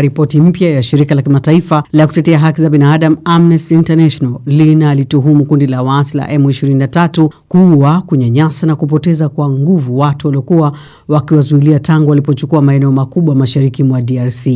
Ripoti mpya ya shirika la kimataifa la kutetea haki za binadamu Amnesty International linalituhumu kundi la waasi la M23 kuua, kunyanyasa na kupoteza kwa nguvu watu waliokuwa wakiwazuilia tangu walipochukua maeneo makubwa mashariki mwa DRC.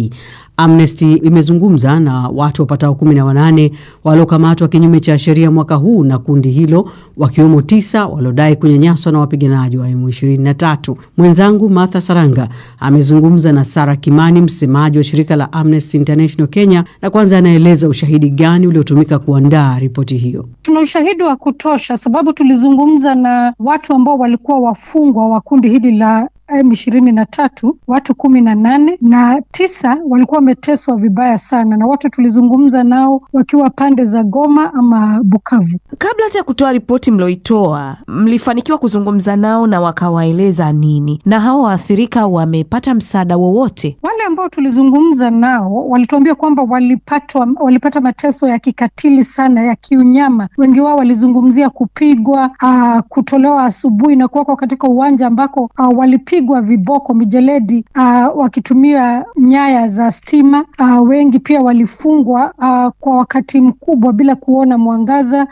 Amnesty imezungumza na watu wapatao kumi na wanane waliokamatwa kinyume cha sheria mwaka huu na kundi hilo, wakiwemo tisa waliodai kunyanyaswa na wapiganaji wa M23. Mwenzangu Martha Saranga amezungumza na Sara Kimani, msemaji wa shirika la Amnesty International Kenya, na kwanza anaeleza ushahidi gani uliotumika kuandaa ripoti hiyo. Tuna ushahidi wa kutosha, sababu tulizungumza na watu ambao walikuwa wafungwa wa kundi hili la M ishirini na tatu watu kumi na nane na tisa walikuwa wameteswa vibaya sana, na wote tulizungumza nao wakiwa pande za Goma ama Bukavu. Kabla hata ya kutoa ripoti mlioitoa, mlifanikiwa kuzungumza nao na wakawaeleza nini? Na hao waathirika wamepata msaada wowote? ambao tulizungumza nao walituambia kwamba walipatwa, walipata mateso ya kikatili sana ya kiunyama. Wengi wao walizungumzia kupigwa, ah, kutolewa asubuhi na kuwekwa katika uwanja ambako ah, walipigwa viboko, mijeledi, ah, wakitumia nyaya za stima. wengi pia walifungwa kwa wakati mkubwa bila kuona mwangaza.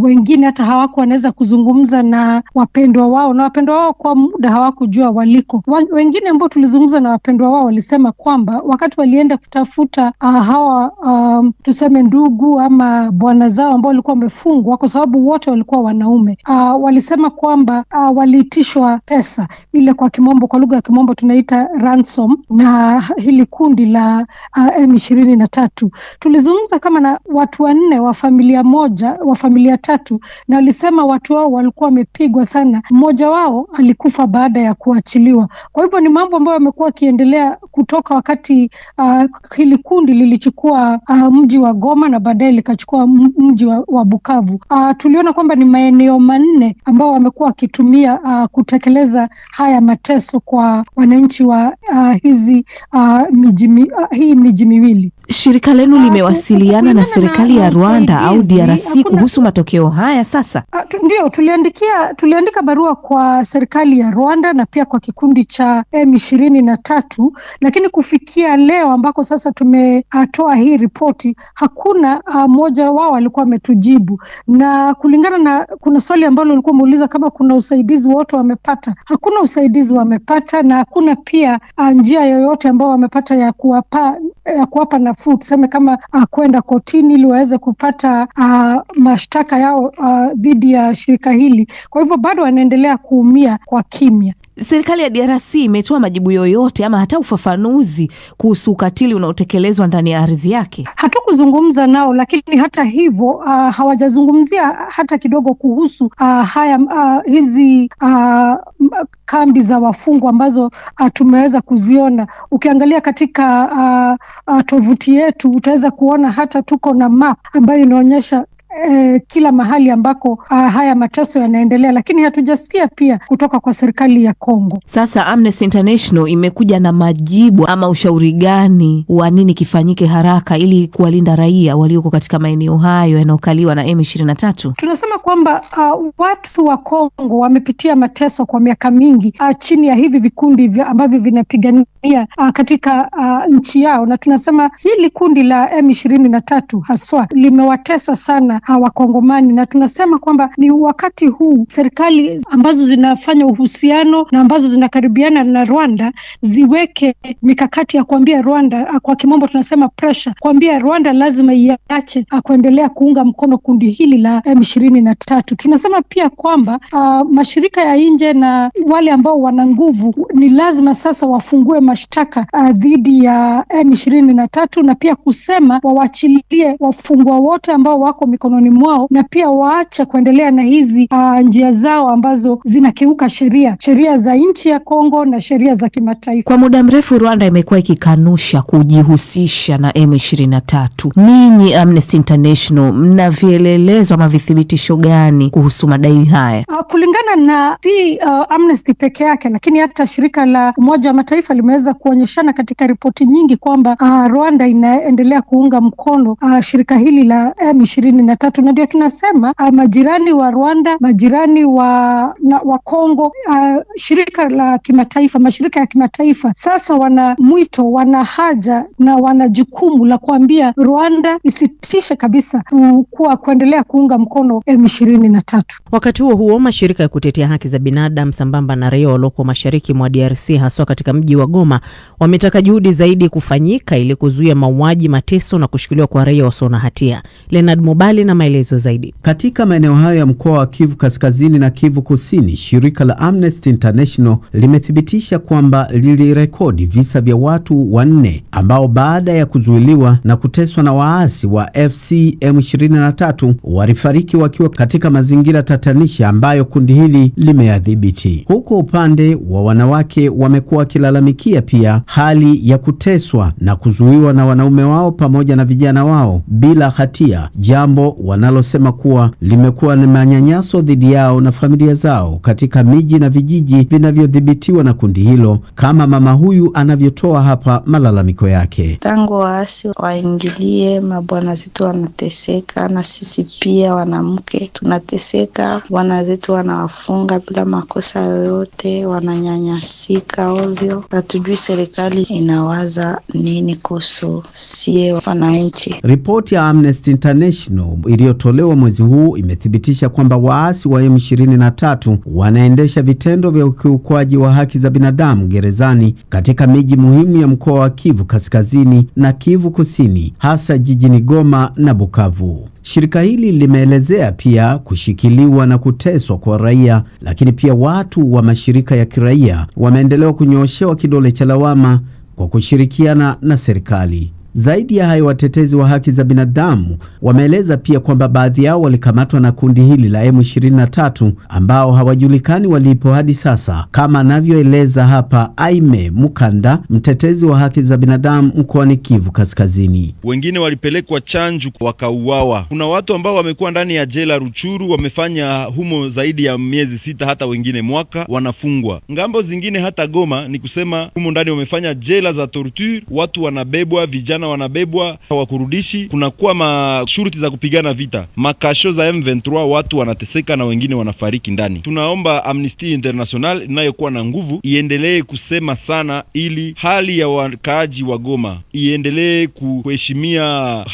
wengine hata hawako wanaweza kuzungumza na wapendwa wao, na wapendwa wao kwa muda hawakujua waliko. Wengine ambao tulizungumza na wapendwa wao walisema kwa kwamba wakati walienda kutafuta uh, hawa um, tuseme ndugu ama bwana zao ambao walikuwa wamefungwa, kwa sababu wote walikuwa wanaume uh, walisema kwamba uh, waliitishwa pesa ile, kwa kimombo, kwa lugha ya kimombo tunaita ransom, na hili kundi la M ishirini na tatu. Tulizungumza kama na watu wanne wa familia moja wa familia tatu, na walisema watu wao walikuwa wamepigwa sana. Mmoja wao alikufa baada ya kuachiliwa. Kwa hivyo ni mambo ambayo yamekuwa akiendelea kutoka wakati uh, hili kundi lilichukua uh, mji wa Goma na baadaye likachukua mji wa, wa Bukavu uh, tuliona kwamba ni maeneo manne ambao wamekuwa wakitumia uh, kutekeleza haya mateso kwa wananchi wa uh, hizi uh, miji, uh, hii miji miwili. Shirika lenu ah, limewasiliana na serikali ya Rwanda au DRC kuhusu matokeo haya sasa? Ah, ndio, tuliandikia tuliandika barua kwa serikali ya Rwanda na pia kwa kikundi cha M ishirini na tatu, lakini kufikia leo ambako sasa tumetoa hii ripoti hakuna ah, mmoja wao alikuwa ametujibu. Na kulingana na kuna swali ambalo ulikuwa umeuliza kama kuna usaidizi wote wamepata, hakuna usaidizi wamepata, na hakuna pia njia yoyote ambao wamepata ya kuwapa ya kuwapa na nafuu, tuseme kama uh, kwenda kotini ili waweze kupata uh, mashtaka yao uh, dhidi ya shirika hili. Kwa hivyo bado wanaendelea kuumia kwa kimya serikali ya DRC imetoa majibu yoyote ama hata ufafanuzi kuhusu ukatili unaotekelezwa ndani ya ardhi yake? Hatukuzungumza nao, lakini hata hivyo uh, hawajazungumzia hata kidogo kuhusu uh, haya uh, hizi uh, kambi za wafungwa ambazo uh, tumeweza kuziona. Ukiangalia katika uh, uh, tovuti yetu utaweza kuona hata tuko na map ambayo inaonyesha eh, kila mahali ambako ah, haya mateso yanaendelea, lakini hatujasikia pia kutoka kwa serikali ya Kongo. Sasa Amnesty International imekuja na majibu ama ushauri gani wa nini kifanyike haraka ili kuwalinda raia walioko katika maeneo hayo yanayokaliwa na M23? Tunasema kwamba ah, watu wa Kongo wamepitia mateso kwa miaka mingi uh, chini ya hivi vikundi vya ambavyo vinapigania ah, katika uh, nchi yao, na tunasema hili kundi la M23 haswa limewatesa sana na Wakongomani, na tunasema kwamba ni wakati huu serikali ambazo zinafanya uhusiano na ambazo zinakaribiana na Rwanda ziweke mikakati ya kuambia Rwanda, kwa kimombo tunasema pressure, kuambia Rwanda lazima iache kuendelea kuunga mkono kundi hili la ishirini na tatu. Tunasema pia kwamba uh, mashirika ya nje na wale ambao wana nguvu ni lazima sasa wafungue mashtaka uh, dhidi ya M ishirini na tatu na pia kusema wawachilie wafungwa wote ambao wako mikono mikononi mwao, na pia waacha kuendelea na hizi uh, njia zao ambazo zinakiuka sheria sheria za nchi ya Kongo na sheria za kimataifa. Kwa muda mrefu Rwanda imekuwa ikikanusha kujihusisha na M23. Ninyi Amnesty International mna vielelezo ama vithibitisho gani kuhusu madai haya? Uh, kulingana na si uh, Amnesty peke yake, lakini hata shirika la Umoja wa Mataifa limeweza kuonyeshana katika ripoti nyingi kwamba uh, Rwanda inaendelea kuunga mkono uh, shirika hili la M23 tatu, na ndio tunasema uh, majirani wa Rwanda, majirani wa na, wa Kongo uh, shirika la kimataifa, mashirika ya kimataifa sasa wana mwito, wana haja na wana jukumu la kuambia Rwanda isitishe kabisa kuwa kuendelea kuunga mkono M23. Wakati huo huo, mashirika ya kutetea haki za binadamu sambamba na raia waliokuwa mashariki mwa DRC haswa katika mji wa Goma wametaka juhudi zaidi kufanyika ili kuzuia mauaji, mateso na kushikiliwa kwa raia wasio na hatia. Leonard Mobali na maelezo zaidi. Katika maeneo hayo ya mkoa wa Kivu Kaskazini na Kivu Kusini, shirika la Amnesty International limethibitisha kwamba lilirekodi visa vya watu wanne ambao baada ya kuzuiliwa na kuteswa na waasi wa FC M23 walifariki wakiwa katika mazingira tatanishi ambayo kundi hili limeyadhibiti. Huko upande wa wanawake wamekuwa wakilalamikia pia hali ya kuteswa na kuzuiwa na wanaume wao pamoja na vijana wao bila hatia, jambo wanalosema kuwa limekuwa ni manyanyaso dhidi yao na familia zao katika miji na vijiji vinavyodhibitiwa na kundi hilo, kama mama huyu anavyotoa hapa malalamiko yake. Tangu waasi waingilie, mabwana zetu wanateseka, na sisi pia wanamke tunateseka. Bwana zetu wanawafunga bila makosa yoyote, wananyanyasika ovyo. Hatujui serikali inawaza nini kuhusu sie wananchi. Ripoti ya Amnesty International iliyotolewa mwezi huu imethibitisha kwamba waasi wa M23 wanaendesha vitendo vya ukiukwaji wa haki za binadamu gerezani katika miji muhimu ya mkoa wa Kivu Kaskazini na Kivu Kusini, hasa jijini Goma na Bukavu. Shirika hili limeelezea pia kushikiliwa na kuteswa kwa raia, lakini pia watu wa mashirika ya kiraia wameendelewa kunyooshewa kidole cha lawama kwa kushirikiana na serikali. Zaidi ya hayo, watetezi wa haki za binadamu wameeleza pia kwamba baadhi yao walikamatwa na kundi hili la M23 ambao hawajulikani walipo hadi sasa, kama anavyoeleza hapa Aime Mukanda, mtetezi wa haki za binadamu mkoani Kivu Kaskazini. Wengine walipelekwa Chanju wakauawa. Kuna watu ambao wamekuwa ndani ya jela Ruchuru, wamefanya humo zaidi ya miezi sita, hata wengine mwaka, wanafungwa ngambo zingine, hata Goma ni kusema humo ndani wamefanya jela za torture, watu wanabebwa, vijana vijana wanabebwa hawakurudishi, kunakuwa mashuruti za kupigana vita, makasho za M23, watu wanateseka na wengine wanafariki ndani. Tunaomba Amnesty International inayokuwa na nguvu iendelee kusema sana, ili hali ya wakaaji wa Goma iendelee kuheshimia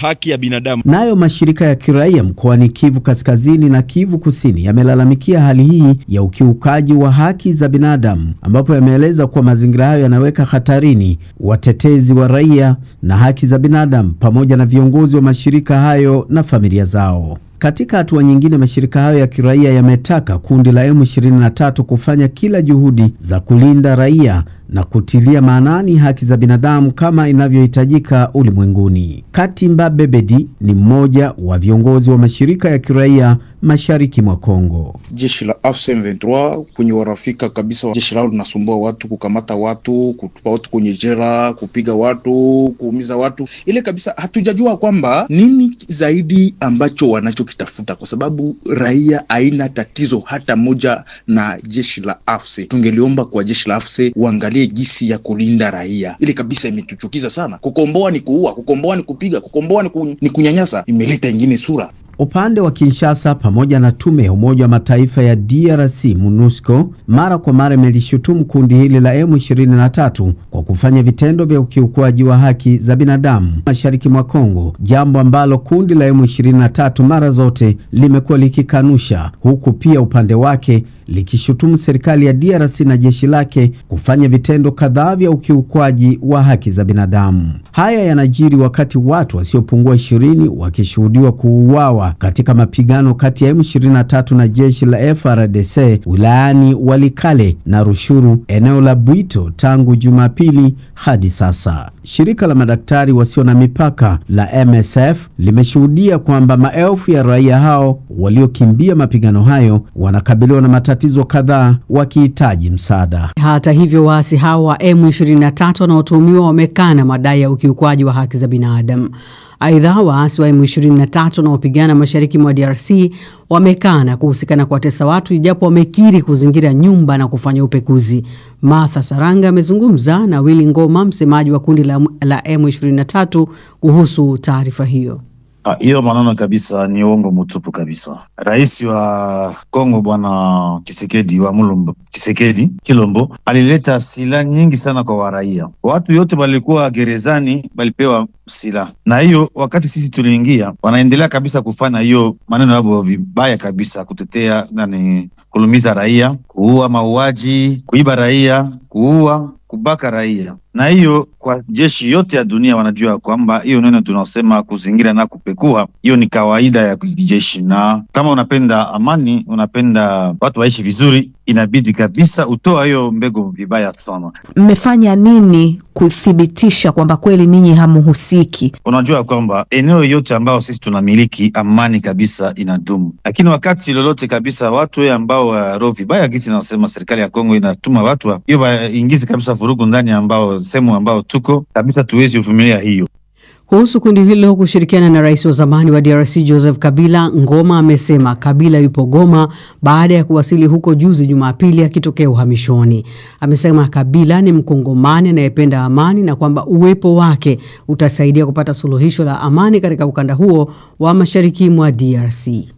haki ya binadamu. Nayo mashirika ya kiraia mkoani Kivu Kaskazini na Kivu Kusini yamelalamikia hali hii ya ukiukaji wa haki za binadamu, ambapo yameeleza kuwa mazingira hayo yanaweka hatarini watetezi wa raia na haki haki za binadamu pamoja na viongozi wa mashirika hayo na familia zao. Katika hatua nyingine, mashirika hayo ya kiraia yametaka kundi la M23 kufanya kila juhudi za kulinda raia na kutilia maanani haki za binadamu kama inavyohitajika ulimwenguni. Katimba Bebedi ni mmoja wa viongozi wa mashirika ya kiraia mashariki mwa Kongo. Jeshi la AFC M23 kwenye warafika kabisa, jeshi lao linasumbua watu, kukamata watu, kutupa watu kwenye jela, kupiga watu, kuumiza watu, ile kabisa. Hatujajua kwamba nini zaidi ambacho wanachokitafuta, kwa sababu raia haina tatizo hata moja na jeshi la AFC. Tungeliomba kwa jeshi la AFC waangalie gisi ya kulinda raia, ile kabisa imetuchukiza sana. Kukomboa ni kuua, kukomboa ni kupiga, kukomboa ni kunyanyasa, imeleta ingine sura. Upande wa Kinshasa pamoja na tume ya Umoja wa Mataifa ya DRC MONUSCO mara kwa mara imelishutumu kundi hili la M23 kwa kufanya vitendo vya ukiukwaji wa haki za binadamu mashariki mwa Kongo, jambo ambalo kundi la M23 mara zote limekuwa likikanusha, huku pia upande wake likishutumu serikali ya DRC na jeshi lake kufanya vitendo kadhaa vya ukiukwaji wa haki za binadamu. Haya yanajiri wakati watu wasiopungua ishirini wakishuhudiwa kuuawa katika mapigano kati ya M23 na jeshi la frdc wilayani Walikale na Rushuru, eneo la Bwito tangu Jumapili hadi sasa. Shirika la madaktari wasio na mipaka la MSF limeshuhudia kwamba maelfu ya raia hao waliokimbia mapigano hayo wanakabiliwa na matatizo kadhaa wakihitaji msaada. Hata hivyo, waasi hao wa M23 wanaotuhumiwa wamekana madai ya ukiukwaji wa haki za binadamu. Aidha, waasi wa M23 wanaopigana mashariki mwa DRC wamekana kuhusikana kuwatesa watu ijapo wamekiri kuzingira nyumba na kufanya upekuzi. Martha Saranga amezungumza na Willy Ngoma, msemaji wa kundi la, la M23 kuhusu taarifa hiyo. Ah, hiyo maneno kabisa ni uongo mtupu kabisa. Rais wa Kongo Bwana Kisekedi wa Mulumba Kisekedi Kilombo alileta silaha nyingi sana kwa waraia. Watu yote walikuwa gerezani walipewa silaha, na hiyo wakati sisi tuliingia, wanaendelea kabisa kufanya hiyo maneno yavo vibaya kabisa, kutetea nani, kulumiza raia, kuua mauaji, kuiba raia, kuua kubaka raia na hiyo kwa jeshi yote ya dunia wanajua kwamba hiyo neno tunaosema kuzingira na kupekua, hiyo ni kawaida ya kijeshi. Na kama unapenda amani, unapenda watu waishi vizuri, inabidi kabisa utoa hiyo mbegu vibaya sana. Mmefanya nini kuthibitisha kwamba kweli ninyi hamuhusiki? Unajua kwamba eneo yote ambayo sisi tunamiliki amani kabisa inadumu, lakini wakati lolote kabisa watu we ambao waroho eh, vibaya, gisi nasema serikali ya Kongo inatuma watu hiyo waingizi kabisa vurugu ndani ambao sehemu ambayo tuko kabisa, tuwezi kuvumilia hiyo. Kuhusu kundi hilo kushirikiana na rais wa zamani wa DRC Joseph Kabila, Ngoma amesema Kabila yupo Goma baada ya kuwasili huko juzi Jumapili akitokea uhamishoni. Amesema Kabila ni Mkongomani anayependa amani na kwamba uwepo wake utasaidia kupata suluhisho la amani katika ukanda huo wa mashariki mwa DRC.